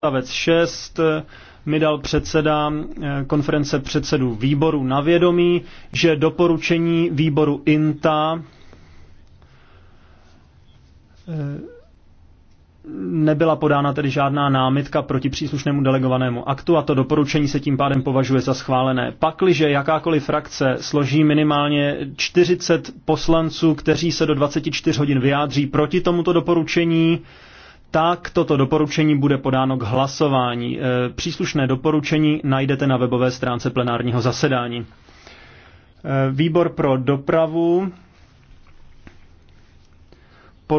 odstavec 6 eh, mi dal předseda eh, konference předsedů výboru na vědomí, že doporučení výboru INTA eh, nebyla podána tedy žádná námitka proti příslušnému delegovanému aktu a to doporučení se tím pádem považuje za schválené. Pakliže jakákoliv frakce složí minimálně 40 poslanců, kteří se do 24 hodin vyjádří proti tomuto doporučení, tak toto doporučení bude podáno k hlasování. E, příslušné doporučení najdete na webové stránce plenárního zasedání. E, výbor pro dopravu